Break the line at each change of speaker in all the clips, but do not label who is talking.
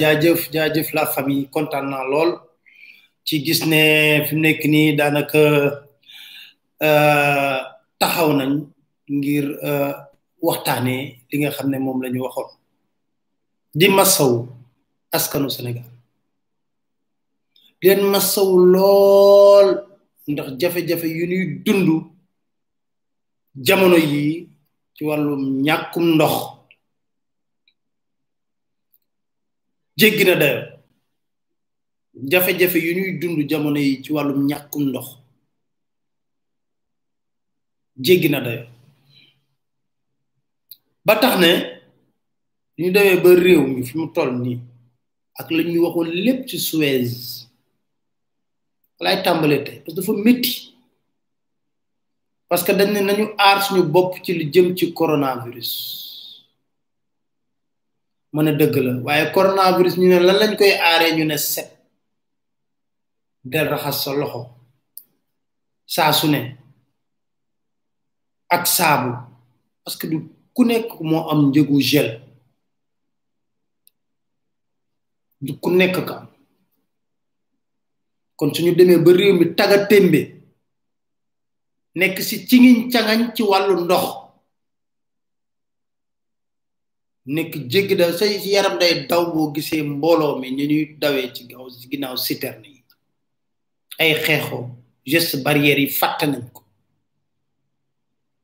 jaajëf jaajëf la famille kontaan naa lool ci gis ne fi mu nekk nii daanaka euh, taxaw nañ ngir euh, waxtaanee li nga xam ne moom la di masaw askanu Sénégal di leen masaw lool ndax jafe-jafe yu ñuy dund jamono yi ci wàllum ñàkkum ndox jéggi na dayo jafe-jafe yu ñuy dund jamono yi ci wàllum ñàkkum ndox jéggi na dayo ba tax ne ñu demee ba réew mi fi mu toll nii ak la ñuy waxoon lépp ci Suez laay tàmbalee tey parce que dafa métti parce que dañ ne nañu aar suñu bopp ci lu jëm ci coronavirus mën a dëgg la waaye coronavirus ñu ne lan lañ koy aaree ñu ne set da raxas sa loxo saa su ne ak saabu parce que du ku nekk moo am njëgu gel du ku nekk ka kon suñu demee ba réew mi taga témbe nekk si ci ngiñ cangañ ci wàllu ndox nekk jéggi da say yaram day daw boo gisee mbooloo mi ñu ñuy dawee ci gaaw ginnaaw citerne yi ay xeexoo geste barrière yi fàtte nañ ko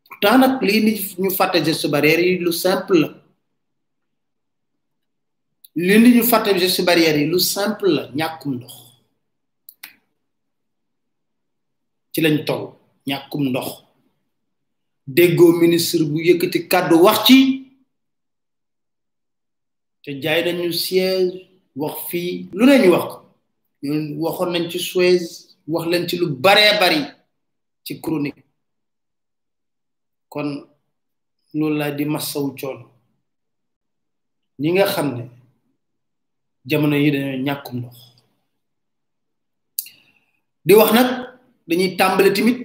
pourtant nag lii ni ñu fàtte geste barrière yi lu simple la lii ñàkkum ndox ci lañ toll ñàkkum ndox déggoo ministre bu yëkkati kàddu wax ci te jaay nañu siège wax fii lu ne ñu wax ñun waxoon nañ ci Suez wax leen ci lu baree bari ci chronique kon loolu laa di massawu coono ñi nga xam ne jamono yi dañoo ñàkkum ndox di wax nag dañuy tàmbale tamit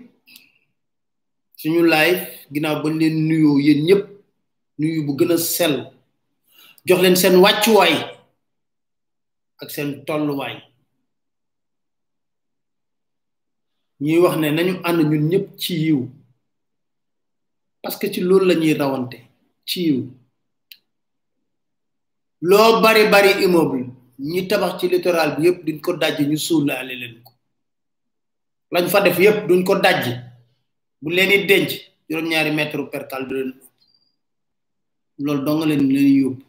suñu live ginnaaw bañ leen nuyoo yéen ñëpp nuyu bu gën a sell jox leen seen way ak seen way ñuy wax ne nañu ànd ñun ñëpp ci yiw parce que ci loolu la ñuy rawante ci yiw loo bari bari immeuble ñi tabax ci littoral bi yépp duñ ko dajj ñu suulaale leen ko lañ fa def yépp duñ ko dajj bu leen denc juróom ñaari mètre per calbe loolu dong leen leen yóbbu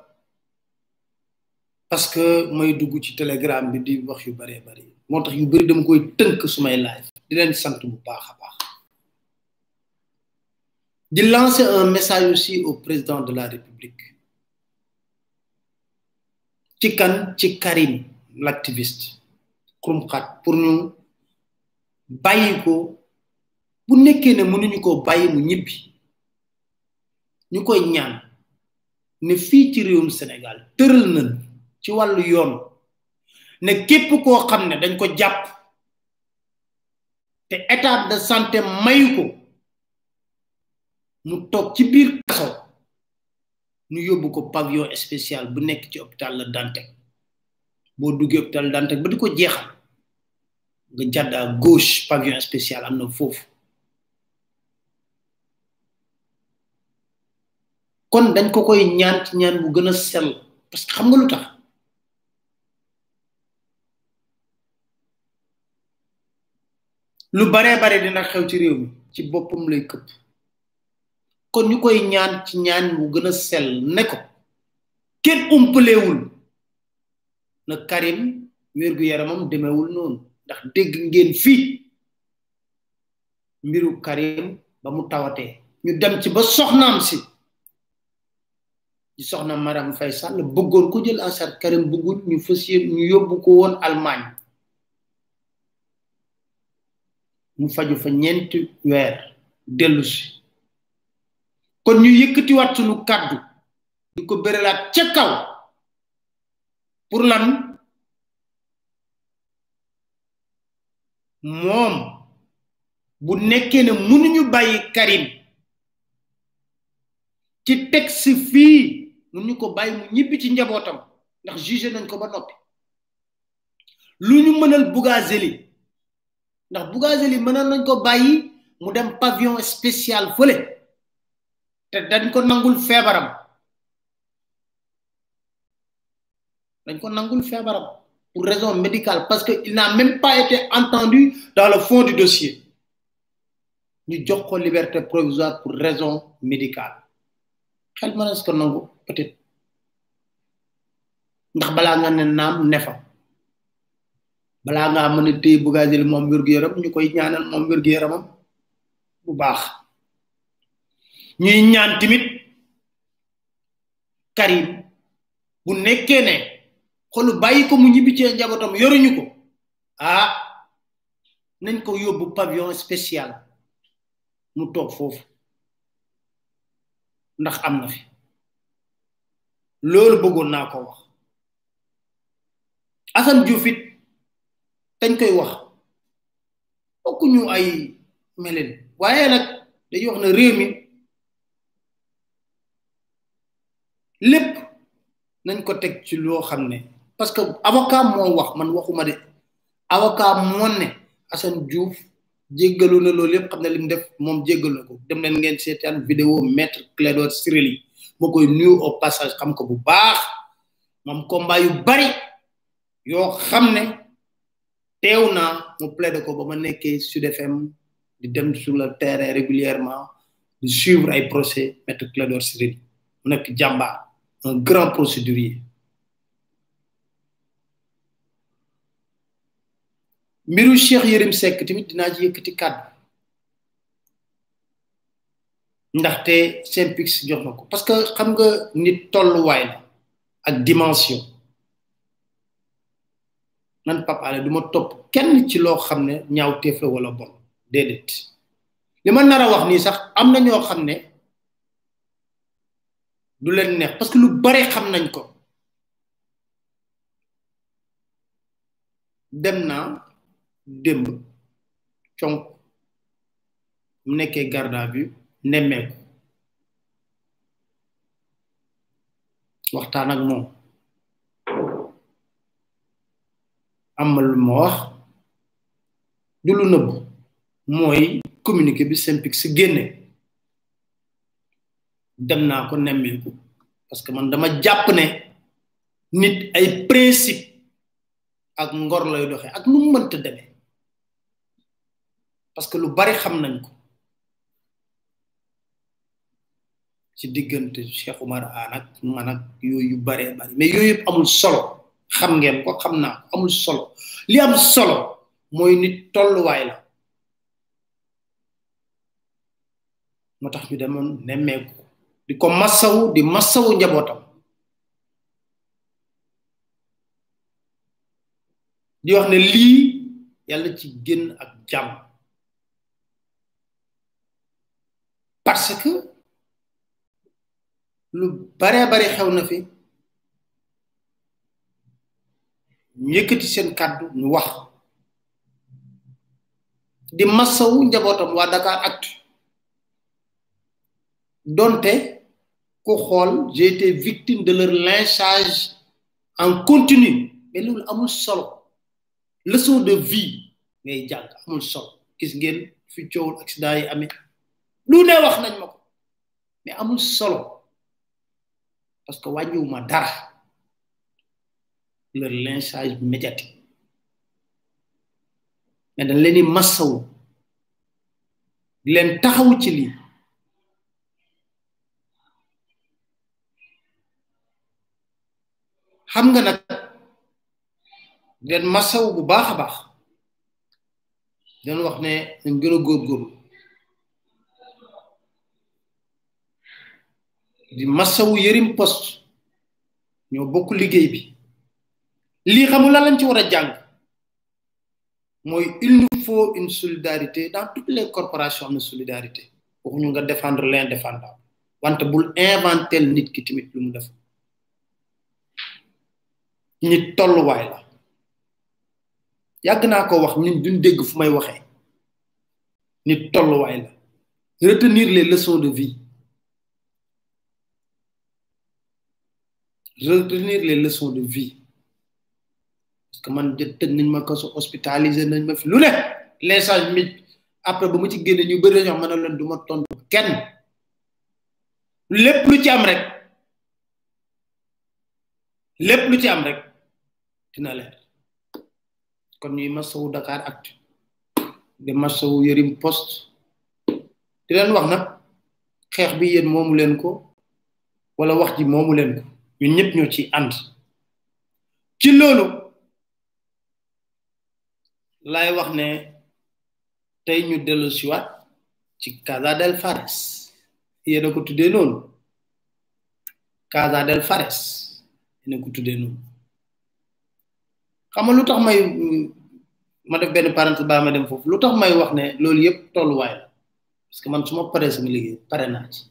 parce que moy dugg ci telegram bi di wax yu motax yu bari dama koy sumay live di len pas, bu baakha di lancer un message aussi au président de la république ci Karim l'activiste pour nous ko mu ñaan Sénégal ci walu yoon ne képp koo xam ne dañ ko jàpp te état de santé mayu ko mu toog ci biir kaso ñu yóbbu ko pavillon spécial bu nekk ci hôpital la dante boo duggee hôpital dante ba di ko nga jadda gauche pavillon spécial am na foofu kon dañ ko koy ñaan ci ñaan bu gën a parce que xam nga lu tax lu baree bare dina xew ci réew mi ci boppam lay këpp kon ñu koy ñaan ci ñaan wu gën a sell ne ko kenn umpalewul na Karim wér yaramam demewul noonu ndax dégg ngeen fii mbiru Karim ba mu tawatee ñu dem ci ba soxnaam si di soxna Maram fay Sall bëggoon ko jël en charge Karim bëggul ñu fas ñu yóbbu ko woon Allemagne mu faju fa ñeenti weer dellu kon ñu yëkkatiwaat sunu kàddu di ko bërelaat ca kaw pour lan moom bu nekkee ne mënuñu bàyyi Karim ci si fii mënuñu ko bàyyi mu ñibbi ci njabootam ndax jugé nañ ko ba noppi lu ñu mënal Bougazelli ndax Bougazelli mënoon nañ ko bàyyi mu dem pavillon spécial feulé té dañ ko nangul feebaram dañ ko nangul feebaram pour raison médicale parce que il n'a même pas été entendu dans le fond du dossier ñu jox ko liberté provisoire pour raison médicale xel mënees ko nangu peut-être ndax bala nga né nam ne balaa ngaa mën a téye Bougazelli moom wér gu ñu koy ñaanal moom wér-gu-yaramam bu baax ñuy ñaan timit Karim bu nekkee ne xolu bàyyi ko mu ñibbi ci njabootam yoruñu ko ah nañ ko yóbbu pavillon spécial mu toog foofu ndax am na fi loolu bëggoon naa ko wax Assane Diouf dañ koy wax bokku ñu ay melin waaye nag dañuy wax ne réew mi lépp nañ ko teg ci loo xam ne parce que avocat moo wax man waxuma de avocat moo ne Assane Diouf jéggalu na loolu yëpp xam ne lim def moom jéggalu na ko dem leen ngeen seetaan vidéo maître Clédor Ciré Ly moo koy nuyu au passage xam ko bu baax moom combat yu bari yoo xam teew naa mu plaide ko ba ma nekkee Sud FM di dem sur le terrain régulièrement di suivre ay procès maître Clédor Ciré mu nekk jàmbaar un grand procédurier mbiru Cheikh Yérim Seck tamit dinaa ci yëkkati kàddu ndaxte Synpics jox na ko parce que xam nga nit tolluwaay la ak dimension man Pape Alé du topp kenn ci loo xam ne ñaaw teef la wala bon déedéet li ma nar a wax nii sax am na ñoo xam ne du leen neex parce que lu bare xam nañ ko dem naa démb conk mu nekkee garde bi vue nemmeeku waxtaan ak moom amal lu ma wax du lu neub moy communiquer bi ci génné dem na ko ko parce que man dama japp ne nit ay principe ak ngor lay doxé ak nu mënta démé parce que lu bari xam nañ ko ci digënté Cheikh Oumar An man ak yoyu bari bari mais yoyu amul solo xam ngeen ko xam naa amul solo li am solo mooy nit tolluwaay la moo tax ñu demoon nemmeeku di ko di massawu njabootam di wax ne lii yàlla ci génn ak jàmm parce que lu bare bare xew fi ñu yëkkati seen kàddu ñu wax di massawu njabootam waa Dakaractu donte ku xool j'ai été victime de leur lynchage en continu mais amul solo leçon de vie ngay jàng amul solo gis ngeen fi coowul accident yi amee lu ne wax nañ ma ko mais amul solo parce que wàññiwuma dara leur lynchage médiatique mais dañ leen di massawu leen taxawu ci lii xam nga nag di leen bu baax a baax dañ wax ne dañ gën a di massawu yërim post ñoo bokk liggéey bi li lan ci il nous faut une solidarité dans toutes les corporations solidarité pour solidarité pour nga défendre l'indéfendable wante bul inventer nit ki timit lu mu def nit tolluwaay la y a ko wax ñun duñ dégg fu may waxee nit tolluwaay la retenir les leçons de vie retenir les leçons de vie parce que man teg nañ ma kaso hospitalisé nañ ma fi lu ne l'instant mi après ba ma ci génne ñu bëri dañoo xam ne leen du ma tontu kenn lépp lu ci am rek lépp lu ci am rek dina leer kon ñuy masawu Dakar Actu di masawu Yerim Post di leen wax nag xeex bi yéen moomu leen ko wala wax ji moomu leen ko ñun ñëpp ñoo ci ànd ci loolu. lay wax ne tey ñu dellu siwaat ci Casa del Fares yéena ko tuddee noonu Casa del Fares yéena tuddee noonu xam nga lu tax may ma def benn parenthèse baa ma dem foofu lu tax may wax ne loolu yëpp tolluwaay la parce que man su paree sama pare naa ci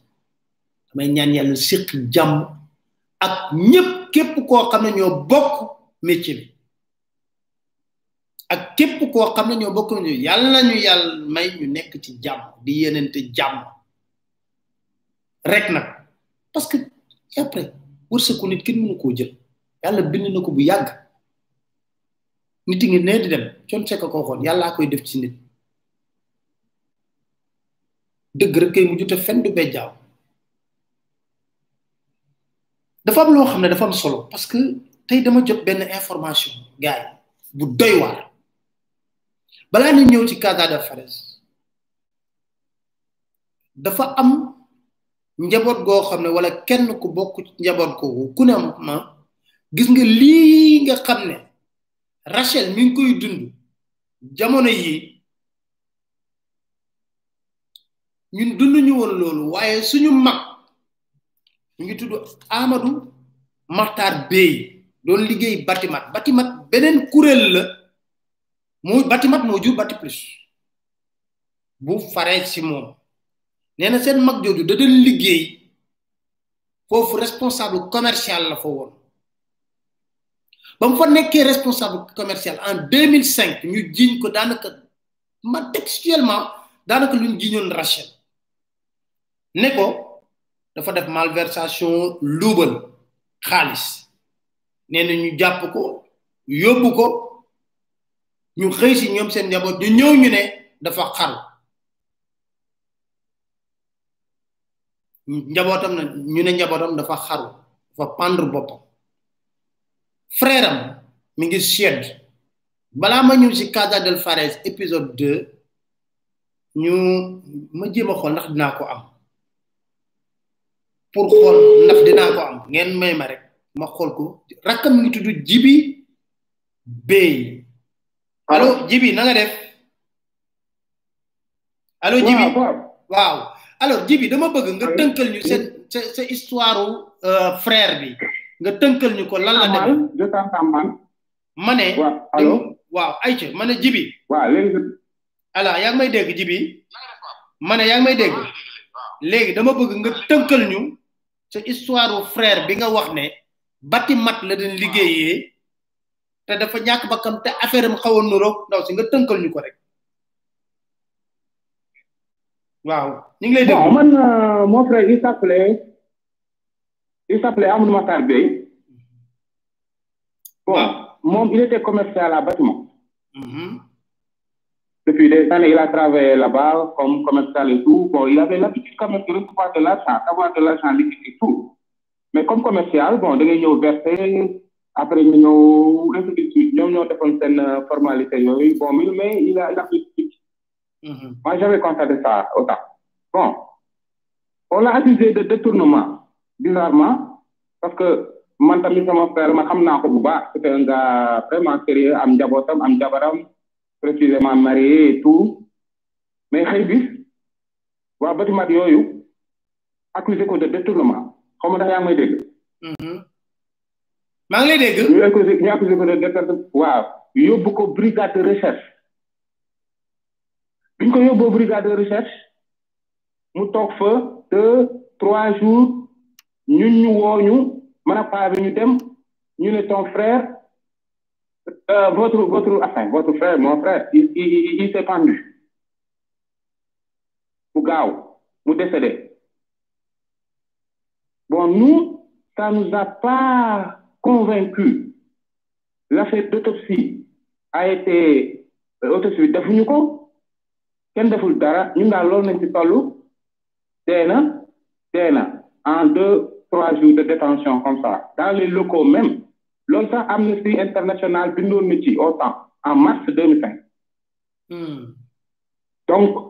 damay ñaan yàlla siq jàmm ak ñëpp képp ko xam ne ñoo bokk métier ak képp koo xam ne ñoo bokk nañu yàlla nañu yàlla may ñu nekk ci jàmm di yeneen yéenante jàmm rek na parce que après wërsëgu nit kenn mënu koo jël yàlla bind na ko bu yàgg nit ngi nee di dem coon sekk ko waxoon yàllaa koy def ci nit dëgg rek kay mujj te fen du bejjaaw dafa am loo xam ne dafa am solo parce que tey dama jot benn information gars bu doy waar balaa ñu ñëw ci Casa farais dafa am njaboot goo xam ne wala kenn ku bokk njaboot googu ku ne ma gis nga lii nga xam ne Rachel mi ngi koy dund jamono yi ñun dund ñu woon loolu waaye suñu mag ñu ngi tudd Amadou Makhtar Bey doon liggéey batimat batimat beneen kuréel la moo bati mat moo jur bati plus bu faree si moom nee na seen mag jooju da doon liggéey foofu responsable commercial la fa woon ba mu fa nekkee responsable commercial en 2005 ñu jiñ ko daanaka mat extuellement daanaka lu ñu jiiñoon Rachel ne ko dafa def malversation luubal xaalis nee na ñu jàpp ko yóbbu ko. ñu xëy si ñoom seen njaboot ñu ñëw ñu ne dafa xaru njabootam na ñu ne njabootam dafa xaru dafa pendre boppam frère am mi ngi Suède balaa ma ñuul si Casa del Fares épisode deux ñu ma jéem a xool ndax dinaa ko am pour xool ndax dinaa ko am ngeen may ma rek ma xool ko rakkam ngi tudd Jibi Bey alo Jibi na def alo Jibi waaw alors Jibi dama bëgg nga tënkal ñu sa sa histoire euh, frère bi nga tënkal ñu ko lan la dem je waaw ayca ma Jibi waaw léegi yaa may dégg Jibi ma ne yaa ngi may dégg léegi dama bëgg nga tënkal ñu sa histoire frère bi nga wax ne bati mat la dañ liggéeyee te dafa ñàkk bakkam te affaire am xawoon na roog ndaw si nga tënkal ñu ko rek
waaw ñu ngi lay dégg. bon man euh, mon frère il s'appelait il s'appelait Amadou Matar Bey bon ah. moom il était commercial à bâtiment mm-hmm. depuis des années il a travaillé là-bas comme commercial et tout bon il avait l'habitude quand même de recevoir de l'argent avoir de l'argent liquide et tout mais comme commercial bon da ngay ñëw verser après ñu ñëw récépissé ñoom ñoo defoon seen euh, formalité yooyu bon mille mais il a il a plus de mhm. moi j'avais constaté ça au temps bon on l'a accusé de détournement bizarrement parce que man tamit sama frère ma xam naa ko bu baax c'était un gars vraiment sérieux am njabootam am jabaram précisément marié et tout mais xëy bis waa bâtiment yooyu accusé ko de détournement xaw ma ndax yaa ngi may dégg. Mhm. Mwen li dekou? Mwen li dekou? Waw. Yo boko brigade rechef. Biko yo boko brigade rechef, mwen tok fe, te, troa joun, nyoun nou wonyoun, mwen ap ave nyoutem, nyoun eton frèr, euh, votre, votre, vaten, votre frèr, mwen frèr, yi, yi, yi, yi se pandu. Ou gaw, mwen desede. Bon, mwen, ta nou ap pa, convaincu l'affaire d'autopsie a été euh, autopsie en deux trois jours de détention comme ça dans les locaux même l'on Amnesty International en mars 2005 hmm. donc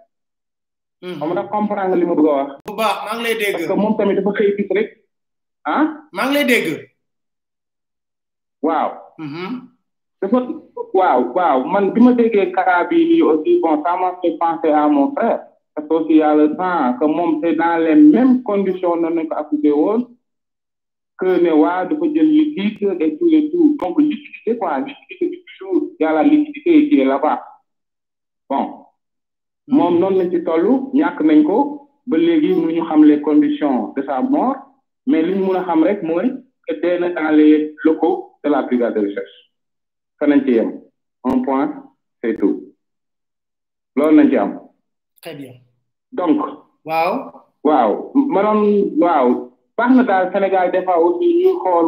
Mhm. xam nga comprendre nga li ma bëgg a wax. bu baax maa ngi lay dégg. parce que moom tamit dafa xëy gis rek ah. maa ngi lay dégg. waaw. Mhm. dafa waaw waaw man bi ma déggee kara bi nii aussi bon ça m'a fait penser à mon frère. parce que aussi y a le temps que moom c'est dans les mêmes conditions noonu lañ ko appliqué woon. que ne waa dafa jël liquide et tout et tout donc liquidité quoi liquidité bi toujours y a la liquidité qui est là-bas bon. Mon nom lañ ci toll ñàkk nañ ko ba léegi mënuñu xam les conditions de sa mort mais li ñu xam rek mooy que dee dans les locaux de la brigade de recherche fa nañ ci yem un point c'est tout loolu nañ ci am. très bien. donc. waaw. waaw wow. waaw baax na le Sénégal des aussi ñu xool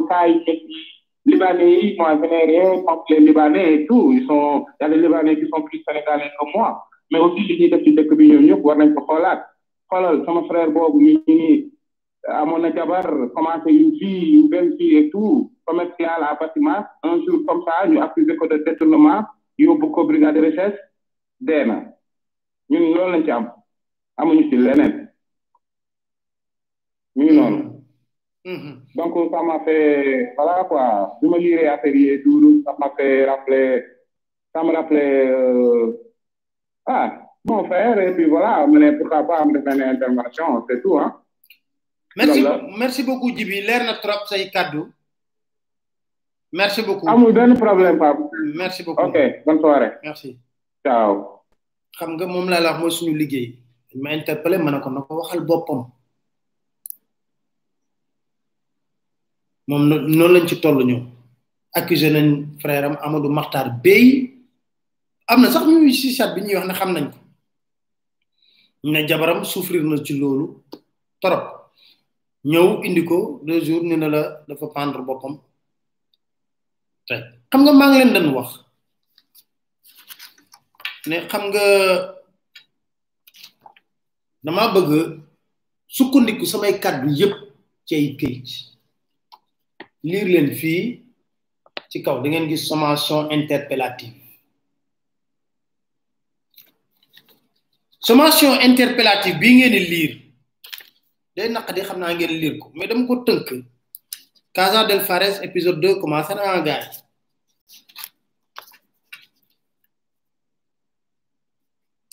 Libanais yi moi je rien les Libanais et tout ils sont il y a des Libanais qui sont plus sénégalais que moi. mais aussi li ñuy def ci dëkk bi ñoom ñëpp war nañ ko xoolaat xoolal sama frère boobu ñu ngi nii amoon na jabar commencé une fille une belle fille et tout commercial à Batimas un jour comme ça ñu accusé ko de détournement yóbbu ko brigade de dee na ñun loolu lañ ci am amuñu ci leneen ñu noonu. Mm-hmm. donc ça m'a fait voilà quoi ma liiree affaire yi duuru ça m'a fait rappeler ça ah, bon frère, et puis voilà, mais pourquoi pas me faire une intervention, Merci, Lola. merci beaucoup, Djibi. n'a trop, say y cadeau. Merci beaucoup. Ah, donne problème, papa. Merci beaucoup. Ok,
bonne soirée. Merci. Ciao. xam nga moom laa la wax mooy suñu liggéey ma interpellé ma ne na ko waxal boppam moom noonu lañ ci toll ñëw accusé nañ frère am Amadou Makhtar Bey amna sax ñuy ci chat bi ñuy wax na xam nañ ko ne jabaram souffrir na ci loolu torop ñew indi ko deux jours ñu na la dafa pendre bopam tay xam nga ma ngi leen dañ wax ne xam nga dama bëgg sukkandiku samay kaddu yépp ci ay këyit lire leen fii ci kaw da ngeen gis sommation interpellative sommation interpellative interpellatif, ngeen lire day naq lire ko mais dama ko Casa del Fares épisode 2 commencé à gaay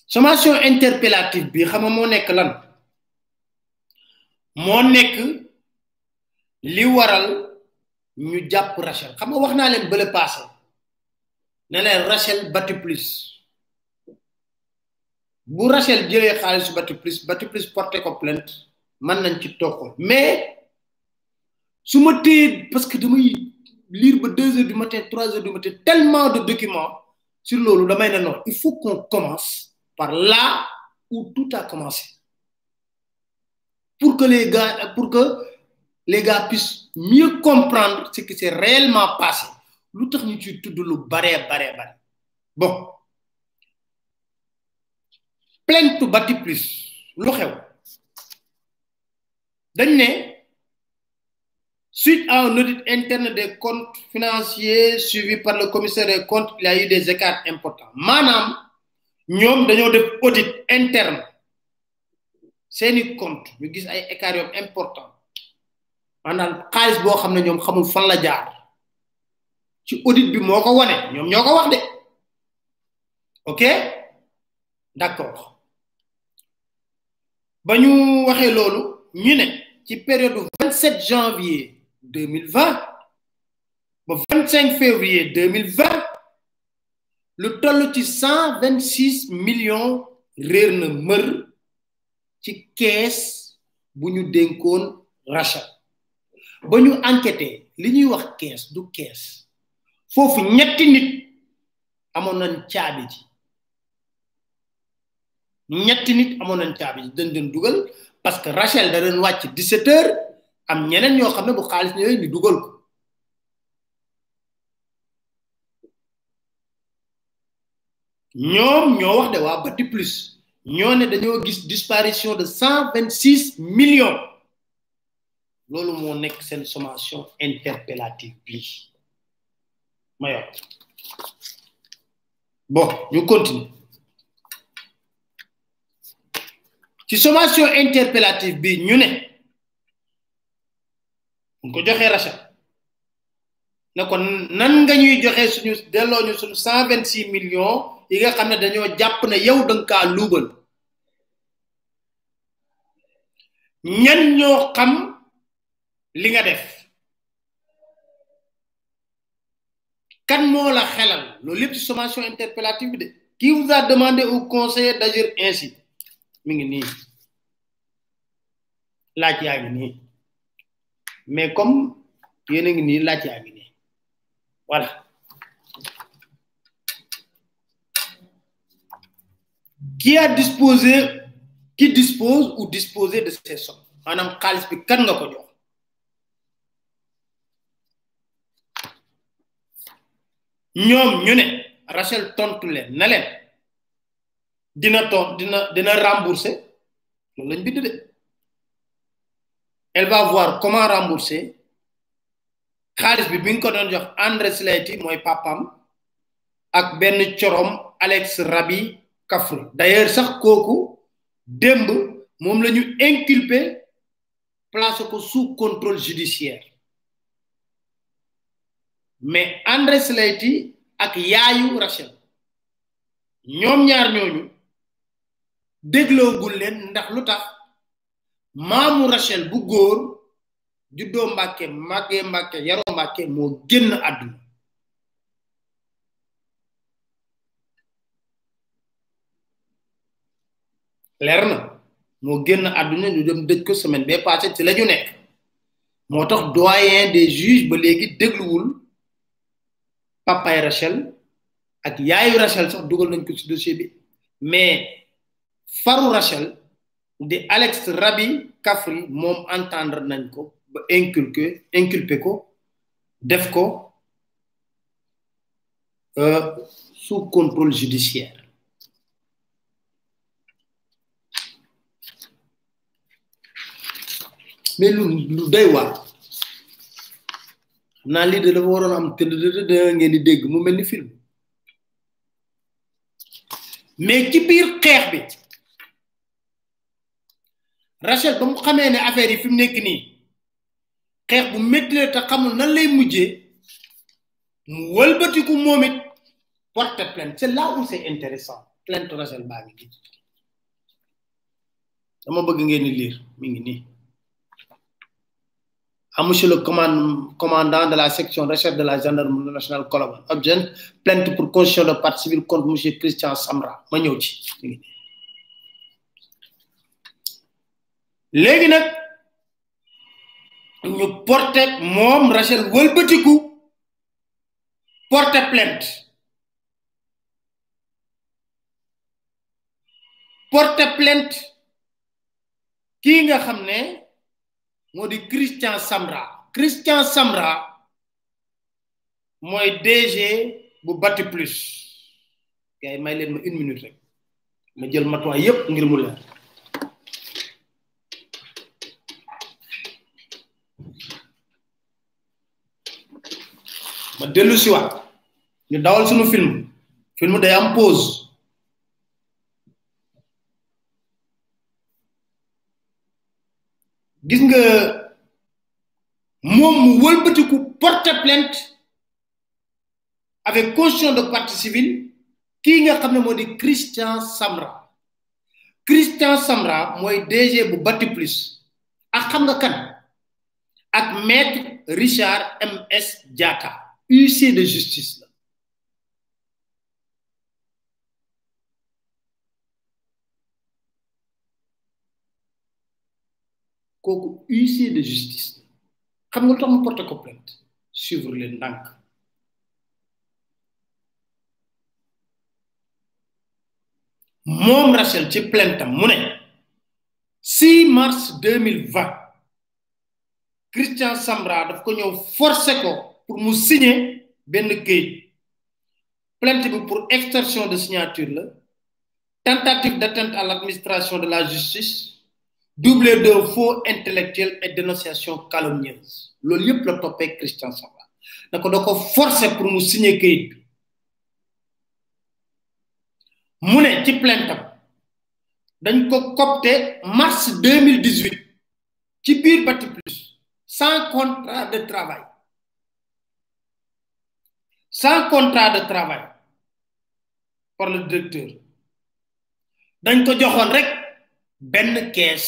sommation interpellative bi xam moo nekk lan moo nekk li waral ñu jàpp Rachel xam nga wax Rachel bu Rachel jëlee xaalisu Batiprus battu porté ko plainte man nañ ci toog mais su ma parce que damay lire ba deux heures du matin trois heures du matin tellement de documents sur lolu damay na non il faut qu'on commence par là où tout a commencé pour que les gars pour que les gars puissent mieux comprendre ce qui s'est réellement passé lu tax ñu ciy tudd lu baree baree bare bon plainte bâti plus lu xew dañ suite à un audit interne des comptes financiers suivi par le commissaire des comptes il y a eu des écarts importants nous ñom des def audit interne un compte ñu gis ay écarts importants. important nous avons boo xam ne xamul fan la jaar ci audit bi moko woné ñom ñoko ok d'accord bañu waxé lolu le ñu né ci période du 27 janvier 2020 ba 25 février 2020 le toll ci 126 millions réer na mër ci caisse. Nous ñu rachat caisse, ñu enquêté li ñuy wax caisse du des fofu ñetti nit amon nañ caabi ji ñetti nit amoon nañ caabi dañ doon dugal parce que Rachel da doon wàcc 17 heures am ñeneen ñoo xam ne bu xaalis ñëwee ñu dugal ko ñoom ñoo wax de waa Bati Plus ñoo ne dañoo gis disparition de cent vingt six millions loolu moo nekk seen somation interpellative bii ma yor bon ñu continue ci sommation interpellative bi ñu ne bu ko joxee Rachat ne ko nan nga ñuy joxe suñu delloo ñu suñu 126 millions yi nga xam dañoo japp ne yow da ka kaa ñan ñoo xam li nga def kan mo la xelal lo lépp ci sommation interpellative bi de qui vous a demandé au conseiller d'agir ainsi mi ngi nii laaj yaa ngi nii mais comme yéen a ngi nii laaj yaa ngi nii voilà qui a disposé qui dispose ou disposé de ces sommes maanaam xaalis bi kan nga ko jox ñoom ñu ne Rachel tontu leen na leen dina toog dina dina rembourser lañ elle va voir comment rembourser Charles bi bi ko don jox André Slaty moy papam ak ben chorom Alex Rabi Kafre d'ailleurs sax koku demb mom lañu inculper inculpé placé ko sous contrôle judiciaire mais André Slaty ak yaayu Rachel ñom ñaar ñooñu dégloogul leen ndax lu tax maamu Rachel bu góor juddoo Mbàkke màggee Mbàkke yaroo Mbàkke moo génn àdduna leer na moo génn àdduna ñu dem dëj ko semaine bee passé ci la ñu nekk moo tax doyen des juges ba léegi dégluwul papay Rachel ak yaayu Rachel sax dugal nañ ko ci dossier bi mais Farou Rachel de Alex Rabi Kafri Mom entendre nañ inculqué inculpé ko euh, sous contrôle judiciaire mais lu doy wa nous de am de ngeen di film mais ci Rachel ba xamé né ne affaire yi fim nek ni nii bu métti ta xamul nan lay mujjé mu wëlbatiku moom it porte plainte c'est là où c'est intéressant plainte Rachel ba ngi dama bëgg ngeen ni lire mi ngi ni à ah, monsieur le commandant de la section recherche de la gendarmerie nationale Colobane objet plainte pour caution de partie civile contre monsieur Christian Samra ma ñëw ci léegi nag ñu porté moom Rachel wëlbatiku porté plainte porté plainte kii nga xam ne moo di Christian Samra Christian Samra mooy DG bu Batiplus plus yi may leen ma une minute rek ma jël matuwaay yépp ngir mu leer ma dellu siwaat ñu dawal suñu film film day am pause gis nga moom mu wëlbatiku porte plainte avec caution de partie civile kii nga xam ne moo di Christian Samra Christian Samra mooy DG bu Bati Plus ak xam nga kan ak maître Richard MS Diatta huissier de justice. Là. Coco, huissier de justice Quand vous nga porte plainte suivre le ndànk Mon Rachel ci plainte am 6 mars 2020 Christian Samra a ko forcé pour nous signer ben plainte pour extorsion de signature tentative d'atteinte à l'administration de la justice double de faux intellectuels et dénonciation calomnieuse lieu yep la topé Christian Sava. donc on a forcer pour nous signer que bi ci plainte dañ ko copté mars 2018 qui bir plus sans contrat de travail. sans contrat de travail par le directeur dañ ko joxoon rek benn kees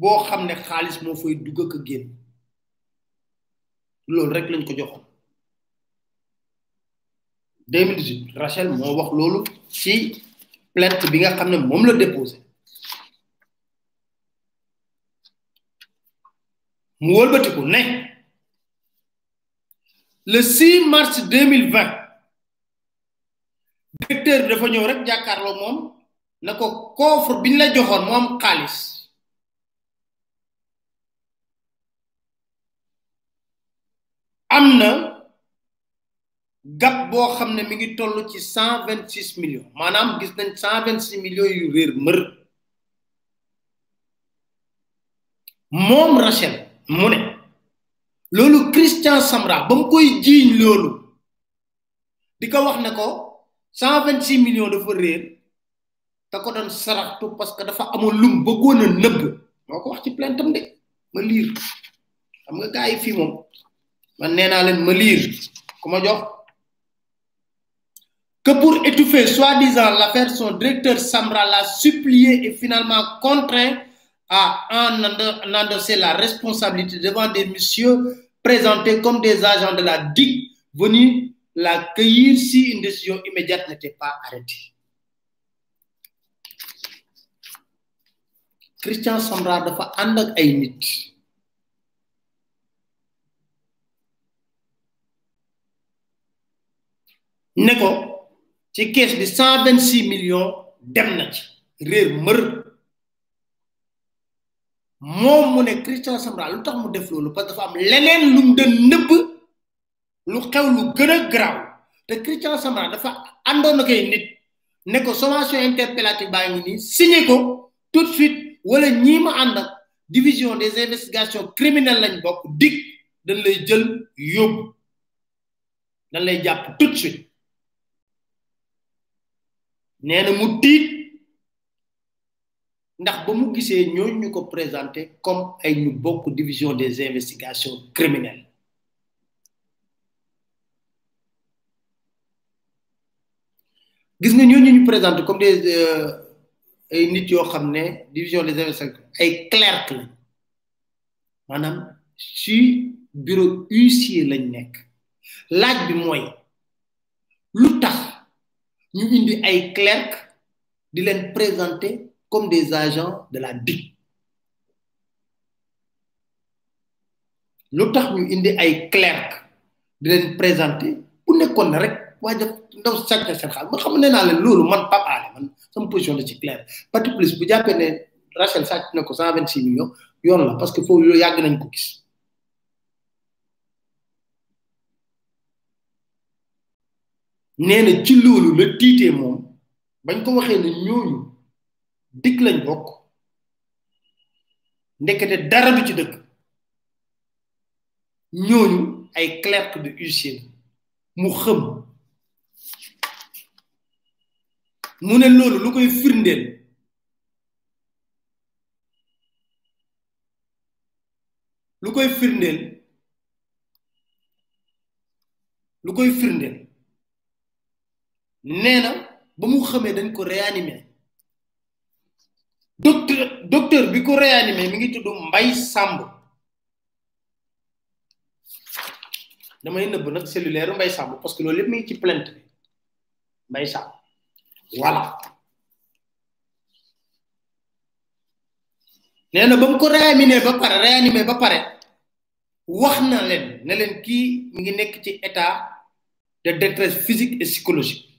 boo xam ne xaalis moo fay dugg ak a génn loolu rek lañ ko joxoon 2018 Rachel moo wax loolu ci plainte bi nga xam ne moom la déposé mu wëlbatiku ne le 6 mars 2020 directeur bi dafa ñëw rek jàkkaarloo moom na ko coffre biñ la joxoon moom am xaalis am na gàpp boo xam ne mi ngi toll ci cent vingt six millions maanaam gis nañ cent vingt six yu réer mër moom Rachel mu ne loolu Christian Samra ba mu koy jiiñ loolu di ko wax ne ko cent vingt six millions dafa réer te ko doon saraxtu parce que dafa amoon lum bëggoon a nëbb moo ko wax ci plainte am de ma liir xam nga gars yi fii moom man nee naa leen ma liir ku ma jox que pour étouffer soi-disant l'affaire son directeur Samra l'a supplié et finalement contraint à en endosser la responsabilité devant des messieurs présentés comme des agents de la DIC venus l'accueillir si une décision immédiate n'était pas arrêtée. Christian Sandra de fa ak ay nit ne ko ci millions dem moom mu ne Christian Sambra lu tax mu def loolu parce que dafa am leneen lu mu doon nëbb lu xew lu gën a te Christian Sambra dafa àndoon na koy nit ne ko sommation interpellative baa ngi nii signé ko tout de suite wala ñii ma ànd division des investigations criminelles lañ bokk dig dañ lay jël yóbbu dañ lay jàpp tout suite nee mu tiit. ndax ba mu gisee ñooñu ñu ko présenté comme ay ñu bokk division des investigations criminelles gis nga ñooñu ñu présenté comme des euh, ay nit yoo xam ne division des investigations ay clerc la maanaam si bureau huissier lañ nekk laaj bi mooy lu tax ñu indi ay clerc di leen présenté comme des agents de la DIC lu tax ñu indi ay clerc di leen présenter bu nekkoon rek waa ndaw sàcc seen xal ma xam ne na leen lolu man Pape Alé man sama position la ci clair parti plus bu jappé né Rachel sàcc na ko cent millions yoon la parce que foofu yooyu yag nañ ko gis néna ci lolu le tité mom bañ ko waxé ne ñooñu digg lañ bokk ndekete dara du ci dëkk ñooñu ay clerc de huissier mu xëm mu ne loolu lu koy firndeel lu koy firndéel lu koy firndeel nee na ba mu xamee dañ ko réanimer docteur docteur bi ko réanimé mi ngi tuddu mbay samb damay neub nak cellulaire mbay samb parce que lolou lepp mi ci plainte bi mbay samb voilà néna bam ko réanimé ba paré réanimé ba paré wax na len na len ki mi ngi nekk ci état de détresse physique et psychologique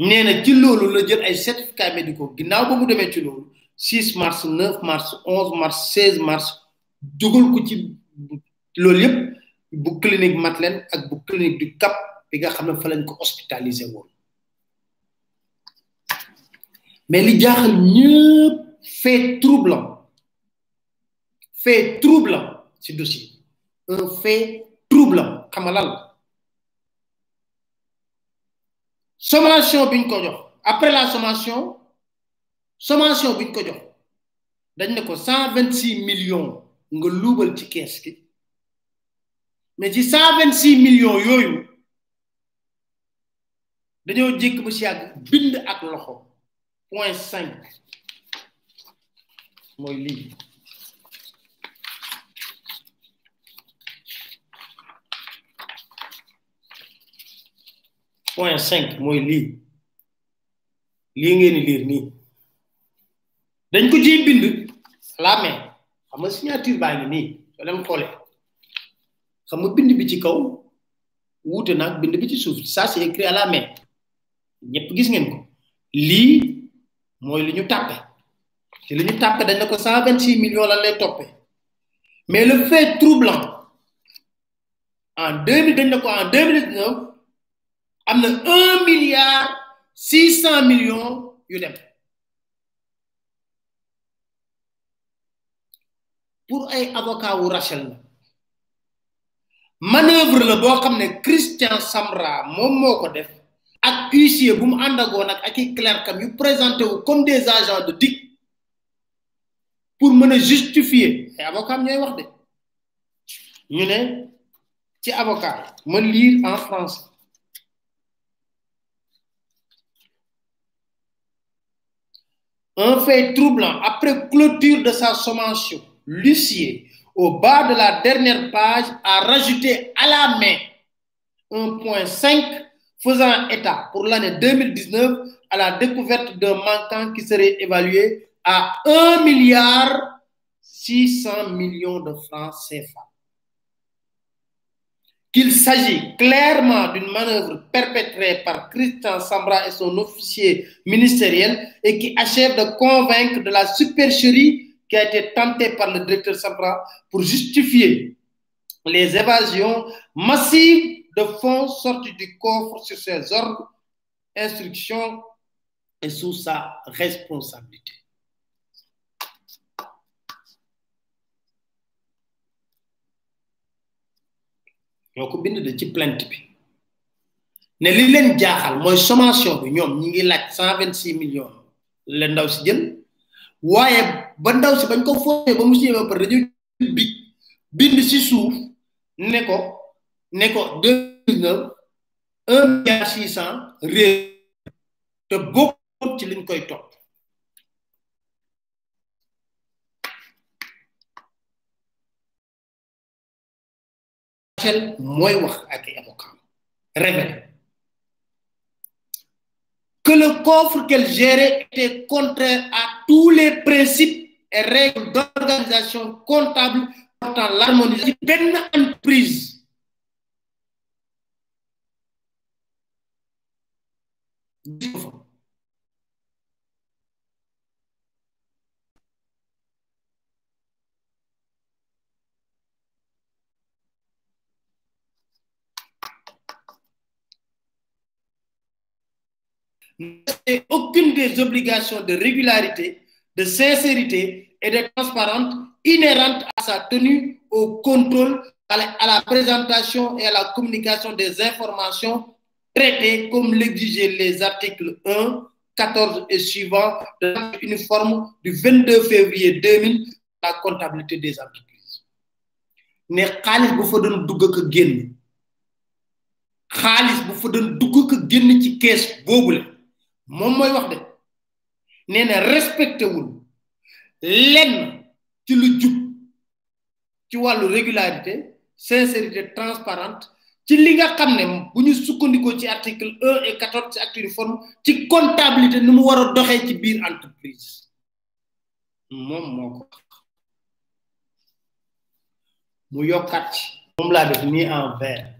nee ci loolu la jël ay certificats médicaux ginnaaw ba mu demee ci loolu 6 mars 9 mars 11 mars 16 mars dugal ko ci loolu yépp bu clinique Matlen ak bu clinique du Cap bi nga xam ne fa lañ ko hospitalisé woon mais li jaaxal ñëpp fait troublant fait troublant ci dossier un fait troublant xam nga la sommation bi ñu ko jox après la sommation sommation bi ñu ko jox dañ ne ko cent vingt six million nga luubal ci kees gi mais ci cent vingt six millions yooyu dañoo jékk ba si yàgg bind ak loxo point cinq mooy lii point cinq moy li li ngeen di lire ni dañ ko ciy bind la main xam nga signature baa ngi nii soo xolé xam nga bind bi ci kaw wouté nak bind bi ci souf ça c'est écrit à la main ñëpp gis ngeen ko lii mooy li ñu tàppe te li ñu tàppe dañ ne ko cent millions la lay topé mais le fait troublant en deux dañ ne ko en 2019 amna milliard 600 millions pour ay avocat ou Rachel manœuvre le boo xam Christian Samra moom moo ko def ak huissier bu mu qui comme des agents de DIC pour mën justifier et avocat ñooy wax de ñu ne ci avocat lire en France Un fait troublant, après clôture de sa sommation, Lucier, au bas de la dernière page, a rajouté à la main 1,5 faisant état pour l'année 2019 à la découverte d'un manquant qui serait évalué à 1 milliard 600 millions de francs CFA qu'il s'agit clairement d'une manœuvre perpétrée par Christian Sambra et son officier ministériel et qui achève de convaincre de la supercherie qui a été tentée par le directeur Sambra pour justifier les évasions massives de fonds sortis du coffre sur ses ordres, instructions et sous sa responsabilité. ñoo ko bind de ci plainte bi ne li leen jaaxal mooy sommation bi ñoom ñi ngi laaj cent vingt six millions la ndaw si jël waaye ba ndaw si bañ ko foofee ba mu si ba pare dañu bi bind si suuf ne ko ne ko deux mille neuf un six cent réer te bokkut ci liñ koy topp que le coffre qu'elle gérait était contraire à tous les principes et règles d'organisation comptable portant l'harmonisation d'une entreprise. aucune des obligations de régularité, de sincérité et de transparence inhérentes à sa tenue, au contrôle, à la, présentation et à la communication des informations traitées comme l'exigeaient les articles 1, 14 et suivants de l'uniforme uniforme du 22 février 2000 la comptabilité des entreprises mom moy wax de neena respecté wul tu ci lu Tu ci la régularité sincérité transparente ci li nga ne ci article 1 et 14 de acte uniforme ci comptabilité numu ci entreprise mu def en vert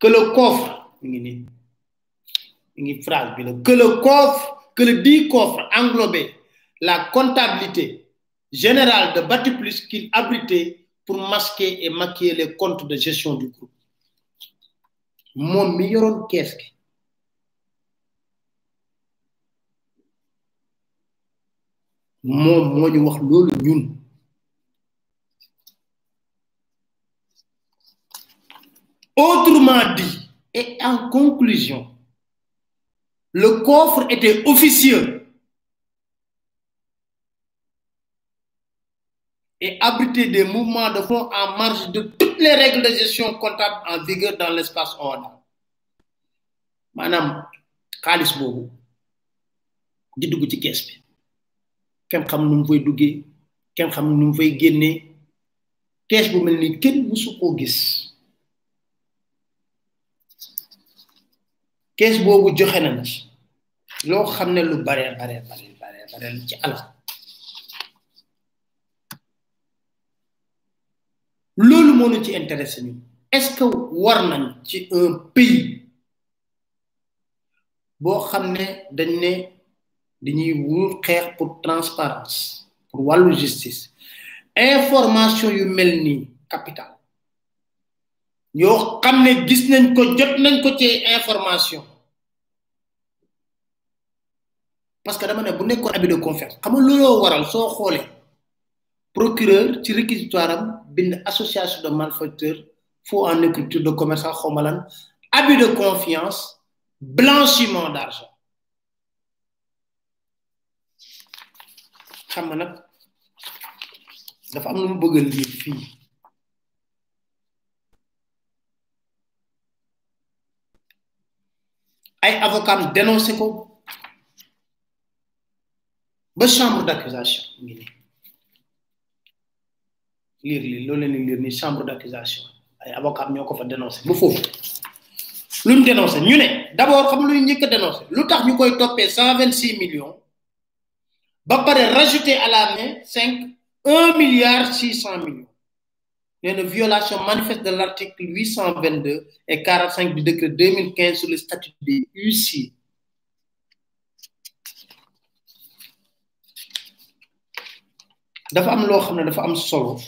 que le coffre que le coffre que le dit coffre englobait la comptabilité générale de Plus qu'il abritait pour masquer et maquiller les comptes de gestion du groupe Mon million qu'est-ce que mon wax Autrement dit, et en conclusion, le coffre était officieux et abritait des mouvements de fonds en marge de toutes les règles de gestion comptable en vigueur dans l'espace ordre. Madame, xaalis Bobo, di dugg ci kees bi nous xam nu vous fay nous kenn xam nu vous fay génnee vous bu mel vous kenn musu vous kees boobu joxe na la loo xam ne lu bare bare bare bare bare ci alal loolu moo ñu ci intéressé ñu est ce que war nañ ci un pays boo xam ne dañ ne dañuy wut xeex pour transparence pour wàllu justice information yu mel nii capital Yo, xam ne gis nañ information parce que dama ne bu nekkoon de confiance xam waral procureur ci réquisitoire bind association de malfaiteurs faux en écriture de commerçants, abus de confiance blanchiment d'argent xam nga dafa am lu mu ay avocat dénoncé ko chambre d'accusation ngi li d'accusation avocat dénoncé dénoncé d'abord dénoncé millions ba rajouter à la main 5, milliard 600 millions il y a une violation manifeste de l'article 822 et 45 du décret 2015 sur le statut des huissiers. dafa am loo xam ne dafa am solo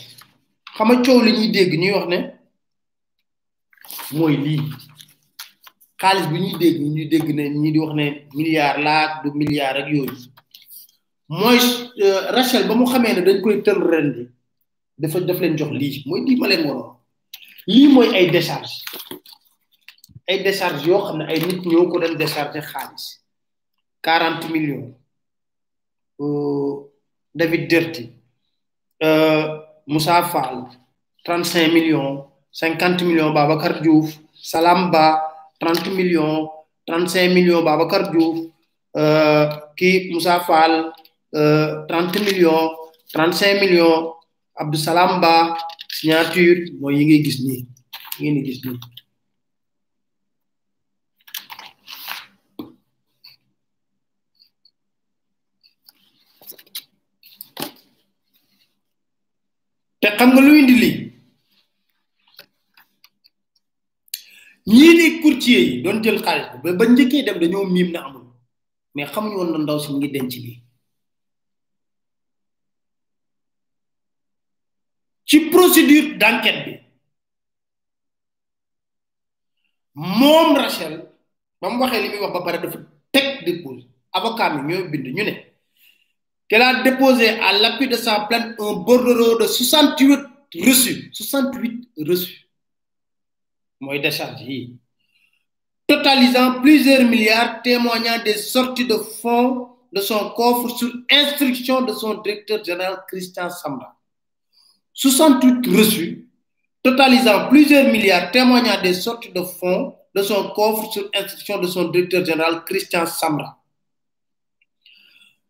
xam nga coow li ñuy dégg ñuy wax ne mooy lii xaalis bi ñuy dégg ñuy dégg ne ñi di wax ne milliard là, du milliard ak yooyu mooy euh, Rachel ba mu xamee ne dañ koy tël ren bi dafa daf leen jox lii mooy lii ma leen lii mooy ay décharge ay décharge yoo xam ne ay nit ñoo ko doon déchargé xaalis quarante millions euh, David Derti euh, musa Fall trente cinq millions cinquante millions Babacar Diouf Salam Ba trente millions trente cinq millions Babacar euh, kii Moussa Fall trente millions trente cinq millions abdou salam ba signature mooy yi ngay gis ni ngay ni gis ni te xam nga lu indi li ñii di courtier yi doon jël xaalis ba ba njëkkee dem dañoo miim na amul mais xamuñu woon na ndaw si mu ngi denc lii ci procédure d'enquête bi Rachel je mu li vais wax ba pare dafa qu'elle a déposé à l'appui de sa plainte un bordereau de 68 reçus 68 reçus totalisant plusieurs milliards témoignant des sorties de fonds de son coffre sur instruction de son directeur général Christian Samra. 68 reçus, totalisant plusieurs milliards, témoignant des sortes de fonds de son coffre sur instruction de son directeur général Christian Samra.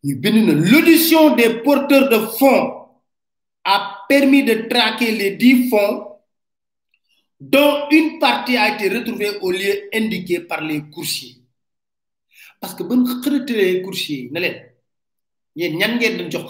L'audition des porteurs de fonds a permis de traquer les 10 fonds dont une partie a été retrouvée au lieu indiqué par les coursiers. Parce que si vous les coursiers, vous avez dit que vous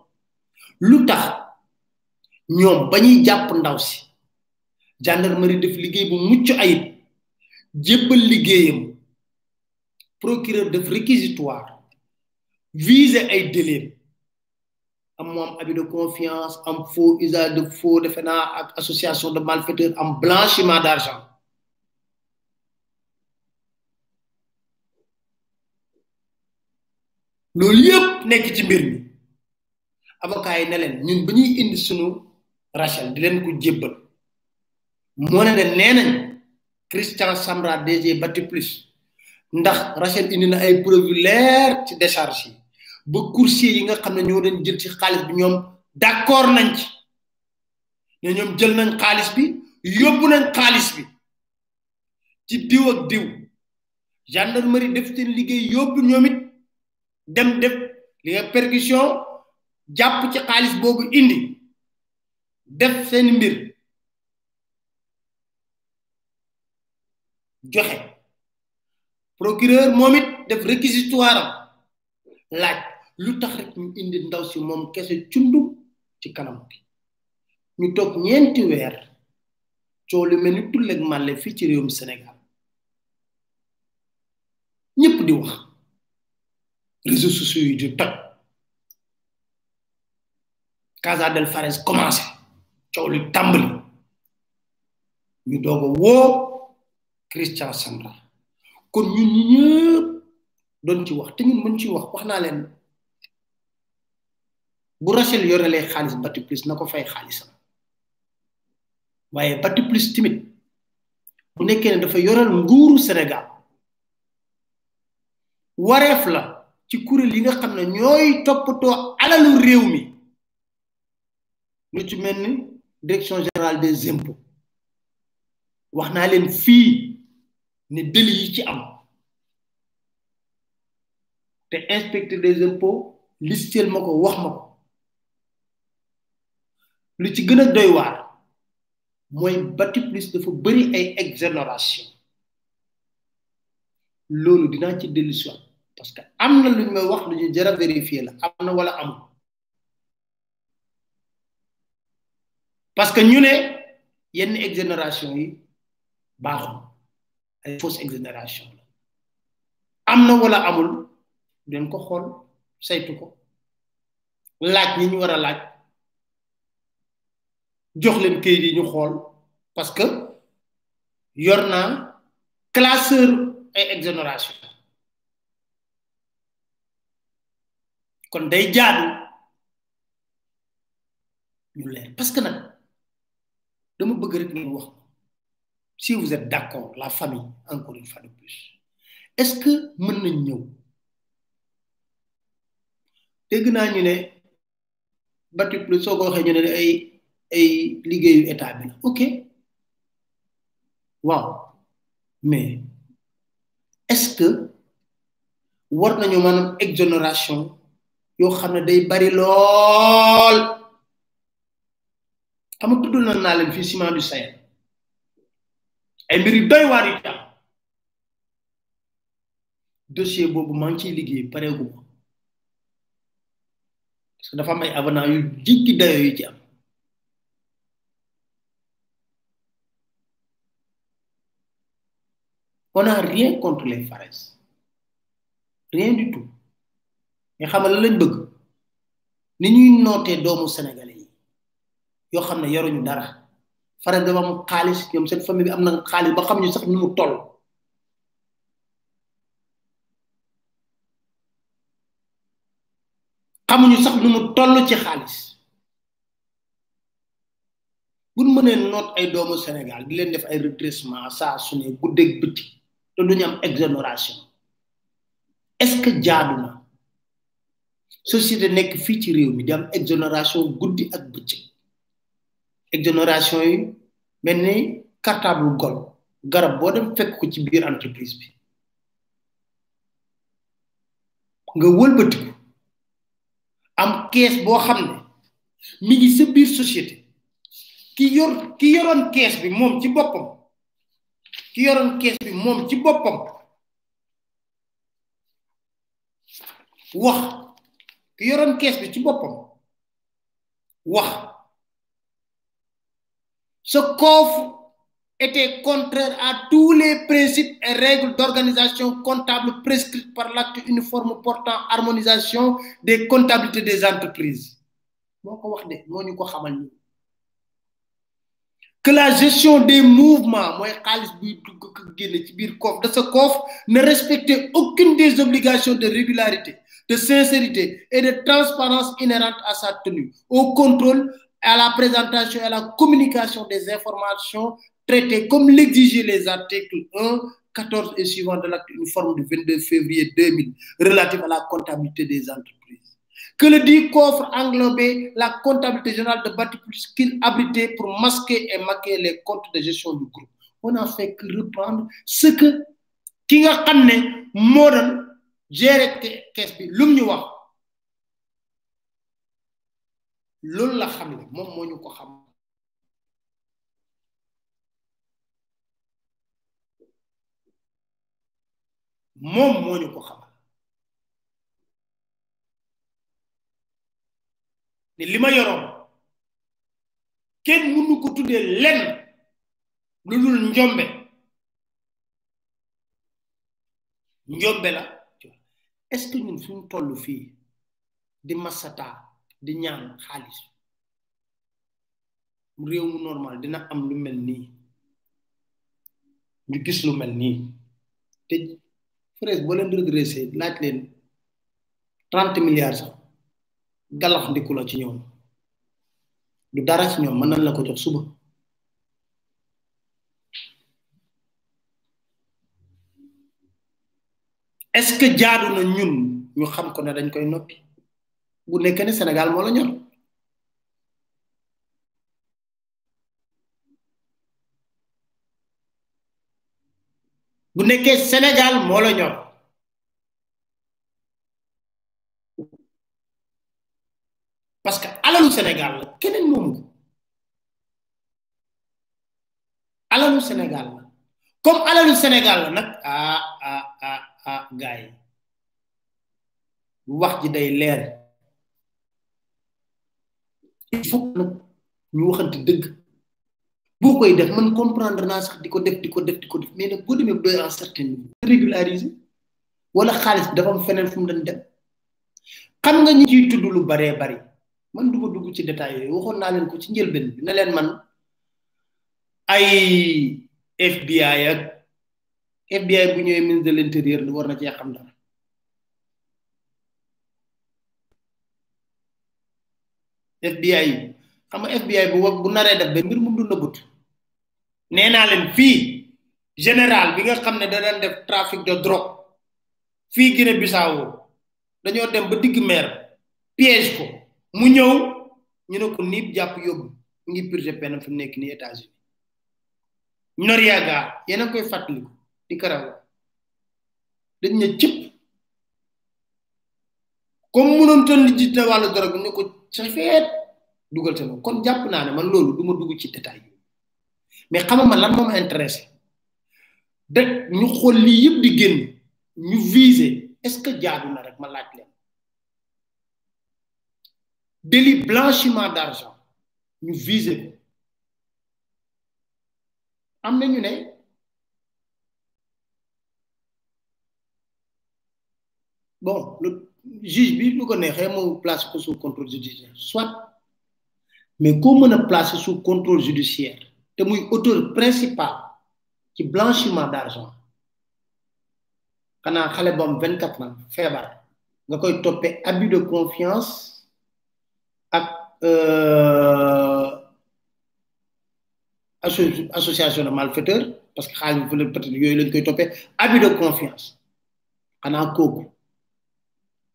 lu ñom bañuy japp ndaw Mucho gendarmerie def liggéey bu mucc ayib liggéeyam procureur def réquisitoire viser ay délai am de confiance am faux usage de faux defena association de malfaiteurs am blanchiment d'argent le lieu nekk ci mbir avocat yi ne leen ñun bu ñuy indi suñu Rachel di leen ko jébbal moo ne leen nee nañ Christian Samra DG Bati Plus ndax Rachel indi na ay preuve yu leer ci décharge yi ba coursier yi nga xam ne ñoo doon jël ci xaalis bi ñoom d'accord nañ ci ne ñoom jël nañ xaalis bi yóbbu nañ xaalis bi ci diw ak diw gendarmerie def seen liggéey yóbbu ñoom it dem def li nga jàpp ci xaalis boobu indi def seeni mbir joxe procureur moom it def réquisitoire laaj lu tax rek ñu indi ndaw si moom kese cundum ci kanam bi ñu toog ñeenti weer coow lu mel ni tulleeg màlle fii ci réewum Sénégal ñépp di wax réseaux sociaux yi di Casa del Fares commencé coow li tàmbali ñu doog a woo Christian Sambra kon ñun ñëpp doon ci wax te ñun mën ci wax wax naa leen bu Rachel yorelee xaalis Batiplus na ko fay xaalisam waaye Batiplus timit bu nekkee ne dafa yorel nguuru Sénégal wareef la ci kuréel yi nga xam ne ñooy toppatoo alalu réew mi lu ci mel ni direction générale des impôts wax naa leen fii ni délit yi ci am te inspecteur des impôts listeel ma ko wax ma ko lu ci gën a doy waar mooy Batiplus dafa bëri ay exonération loolu dinaa ci dellusiwaat parce que am na lu ñu may wax lu ñu jar a fii la am na wala am parce que nous avons yenn exonération yi une ay fausse exonération Nous am na wala amul den ko xol saytu ko laaj ñi ñu wara jox leen yi ñu parce que yor classeur ay exonération kon day parce que dama bëgg rek ngeen wax si vous êtes d'accord la famille encore une fois de plus est-ce que mën nañ ñëw dégg naa ñu ne bati plus soo ko waxee ñu ne ay ay liggéeyu état bi la ok waaw mais est-ce que war nañu maanaam exonération yoo xam ne day bari lool xam nga tuddul nag naa leen fii ciment du Sahel ay mbir yu doy waar yu am dossier boobu maa ngi ciy liggéey pareegu ma parce que dafa am ay avenant yu jiggi dayo yu ci am on a rien contre les Fares rien du tout mais xam nga lañ bëgg ni ñuy noté doomu sénégalais yoo xam ne yaruñu dara fara dafa xaalis ñoom seen famille bi am na xaalis ba xam ñu sax nu mu toll xamuñu sax nu mu toll ci xaalis buñ mënee noot ay doomu Sénégal di leen def ay redressement saa su ne guddeeg bëtti te duñu am exonération est-ce que jaadu na société nekk fii ci réew bi di am exonération guddi ak bëccëg exonération yi mel ni cartable gol garab boo dem fekk ko ci biir entreprise bi nga wëlbatiku am kees boo xam ne mi ngi sa biir société ki yor ki yoroon kees bi moom ci boppam ki yoroon kees bi moom ci boppam wax ki yoroon kees bi ci boppam wax Ce coffre était contraire à tous les principes et règles d'organisation comptable prescrites par l'acte uniforme portant harmonisation des comptabilités des entreprises. Que la gestion des mouvements de ce coffre ne respectait aucune des obligations de régularité, de sincérité et de transparence inhérentes à sa tenue, au contrôle, à la présentation et à la communication des informations traitées comme l'exigeaient les articles 1, 14 et suivants de l'acte uniforme du 22 février 2000 relative à la comptabilité des entreprises. Que le dit coffre englobait la comptabilité générale de plus qu'il abritait pour masquer et maquer les comptes de gestion du groupe. On a fait que reprendre ce que Kinga Kane, Moran, Jerek Kespi, Lumniwa, loolu la xam ne moom moo ñu ko xam moom moo ñu ko xamal ne lima ma yoroon kenn mënu ko tuddee lenn lu dul njombe njombe la que ñun suñu toll fii di masataa di ñaan xaalis réew mu normal dina am lu mel nii ñu gis lu mel nii te Fraize boo leen redressé laaj leen trent milliards sax galax ndiku la ci ñoom du dara ci ñoom mën nañ la ko jox suba est-ce que jaadu na ñun ñu xam ko ne dañ koy noppi bu Senegal ne Sénégal moo la ñor bu nekkee Sénégal moo la ñor parce que alalu Sénégal la keneen moomu alalu Sénégal la comme alalu Sénégal la nag ah ah ah ah gaay wax ji day leer il faut nag ñu waxante dëgg boo koy def man comprendre naa sax di ko def di ko def di ko def mais nag boo demee doy en certain niveau régulariser wala xaalis dafa am feneen fu mu doon dem xam nga ñi ciy tudd lu baree bari man du ma dugg ci détails yooyu waxoon naa leen ko ci njëlbeen bi na leen man ay FBI ak FBI bu ñëwee ministre de l'intérieur war na cee xam dara FBI yi xam nga FBI bu bu naree def ba mbir mu du nëbbut nee naa leen fii général bi nga xam ne da daan def trafic de drogue fii Guinée Bissau dañoo dem ba digg mer piège ko mu ñëw ñu ne ko nii jàpp yóbbu mu ngi purgé peine fi mu nekk nii États-Unis Noriega yéen a koy fàttaliku di Nicaragua dañ ne cëpp comme mënoon toon li jiit na wàllu drogue ne ko cafeet dugal sa kon jàpp naa ne man loolu du ma dugg ci détail mais xamama lan moom intéressé de ñu xool lii yëpp di génn ñu viser est-ce que jaadu na rek ma laaj leen délit blanchiment d'argent ñu viser ko am na ñu ne bon juge bi ne ko pas mo place sous contrôle judiciaire soit mais ko meuna place sous contrôle judiciaire te muy auteur principal ci blanchiment d'argent. kana xanaa bom 24 24 ans feebar nga koy un abus de confiance ak euh, association de malfaiteurs parce que y a peut être yoy lañ koy topé abus de confiance kana kooku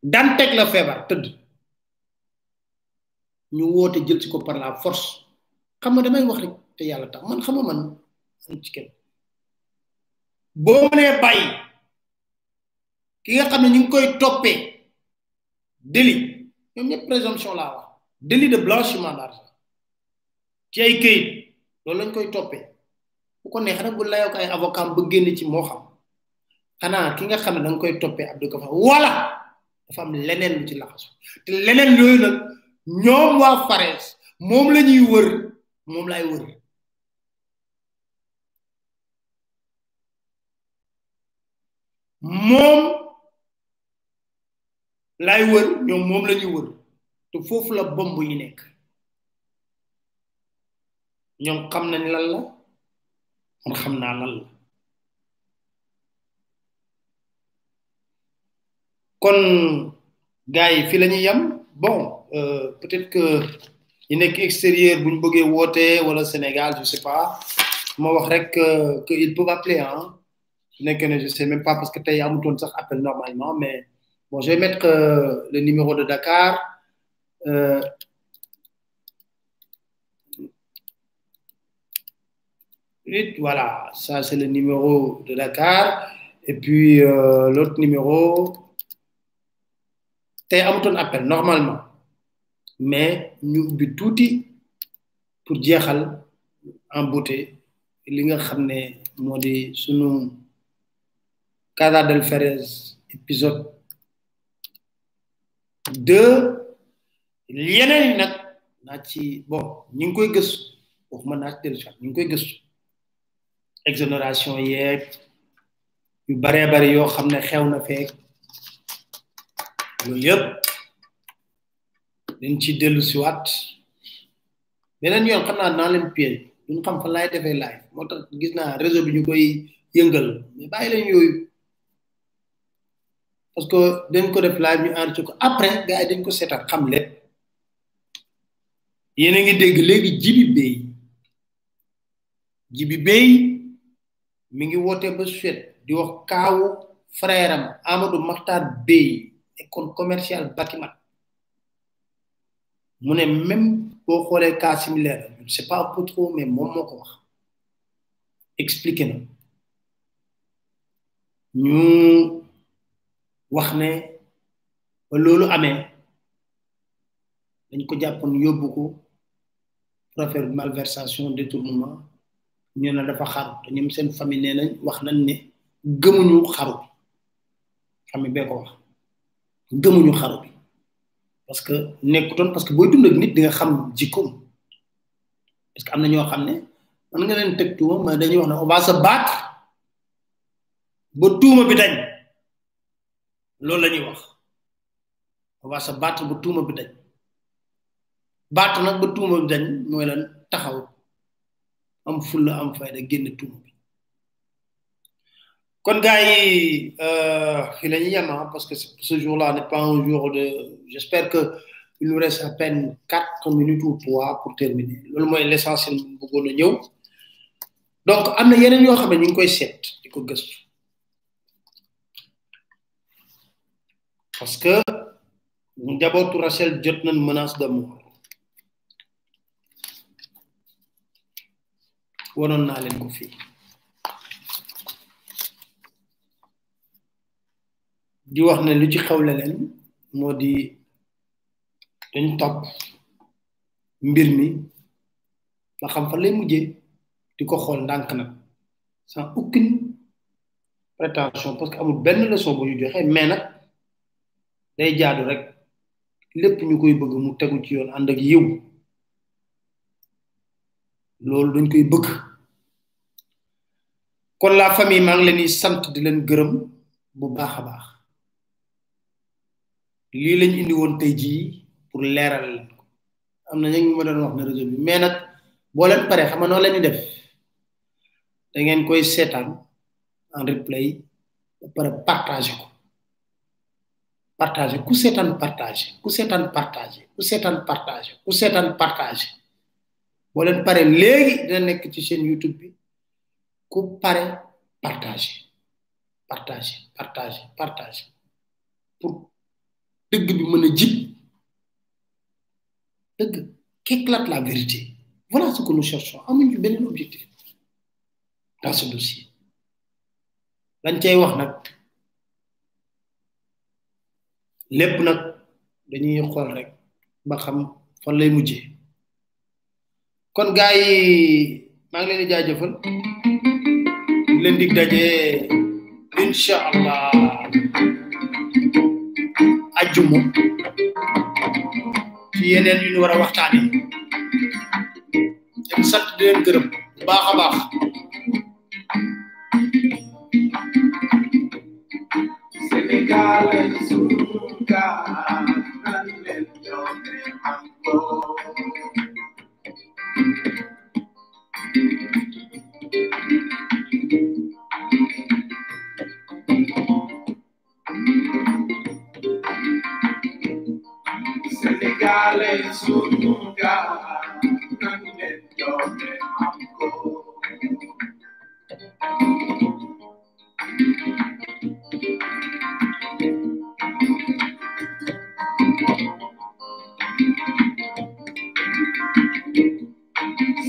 daan teg la feebar tëdd ñu woote jël ci ko par la force xam nga damay wax rek te yàlla tax man xam nga man ci kenn boo bàyyi ki nga xam ne ñu ngi koy toppee délit ñoom ñëpp présomption laa wax délit de blanchiment d'argent ci loolu lañ koy toppee ko neexee rek bu layoo ko ba génn ci moo xam ki nga xam ne da koy toppee Abdou Kafa wala dafa leneen lu ci laxasu te leneen yooyu nag ñoom waa Fares moom la ñuy wër moom lay wër moom laay wër ñoom moom la wër te foofu la bomb yi nekk ñoom xam nañ lan la man xam naa lan la kon gars yi Yam, bon euh, peut-être que il nekk extérieur buñ ou bëggee wala Sénégal je sais pas ma wax rek que peuvent appeler hein nekk ne je sais même pas parce que tey amutoon sax appel normalement mais bon je vais mettre euh, le numéro de Dakar euh, voilà ça c'est le numéro de Dakar et puis l'autre numéro c'est un appel normalement mais nous ubbi tuuti pour jeexal en beauté li nga xamné que nous sunu Casa del Ferez épisode 2, yeneen yi nag bon koy gëstu naa ci dellu koy gëstu exonération yeeg yu ne loolu yëpp dañ dellu si waat beneen yoon xam naa dinaa leen piège duñ xam fan laay defee laay moo tax gis naa réseau bi ñu koy yëngal mais bàyyi leen yooyu parce que dañ ko def live ñu enrichi ko après gars yi dañ ko seetaat xam lépp yéen a ngi dégg léegi jibi bay jibi bay mu ngi woote ba Suède di wax kaawu frère am Amadou Makhtar Bey commerciales, commerciale bâtiment mu même pour les cas similaires. je ne sais pas trop mais moom nous ko
wax
ñu wax ne dañ ko ko malversation détournement ñu nous, dafa nous te famille nañ famille ko gëmuñu xaru bi parce que nekkutoon parce que booy dund ak nit di nga xam jikkoom parce que am na ñoo xam ne mën nga leen teg tuuma mais dañuy wax ne on va se battre ba tuuma bi dañ loolu la ñuy wax on va se battre ba tuuma bi dañ battre nag ba tuuma bi dañ mooy lan taxaw am fulla am fayda génn tuuma Quand gars, euh, il a Yama, parce que ce jour-là n'est pas un jour de. J'espère qu'il nous reste à peine 4 minutes ou 3 pour terminer. L'essentiel, beaucoup de nous. Donc, il y a des gens qui ont 7 Parce que, d'abord, tout Rachel, a une menace de mort. Je vais vous di wax na lu ci xew leneen moo di dañ topp mbir mi ba xam fa lay mujjee di ko xool ndànk na sans aucune prétention parce que amul benn leçon bu ñu joxe mais nag day jaadu rek lépp ñu koy bëgg mu tegu ci yoon ànd ak yiw loolu dañ koy bëgg kon la famille maa ngi leen di sant di leen gërëm bu baax a baax lii lañ indi woon tey jii pour leeral am na ñu ngi ma doon wax ne réseau bi mais nag boo leen pare xam nga noonu la ñu def da ngeen koy seetaan en replay ba pare partagé ku seetaan partagé ku seetaan partagé ku seetaan partagé ku seetaan partagé boo pare léegi dina nekk ci chaîne YouTube bi ku pare partagé partagé partagé partagé pour deug bi meuna a deug dëgg qu'éclate la vérité voilà ce que nous cherchons amuñu beneen objectif dans ce dossier dañ cay wax nak lepp nak dañuy xol rek ba xam fan lay mujjé kon gaay ma ngi leen di jaajëfal leen dig dajé inshallah ci yeneen yu ñu war a sant di leen gërëm bu baax a baax
Sénégal Thank you. buscarle en su lugar un alimento de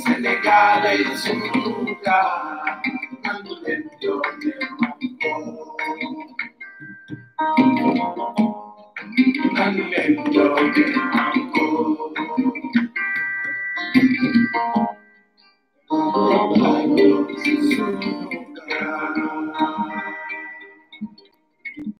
Se le en su lugar I let am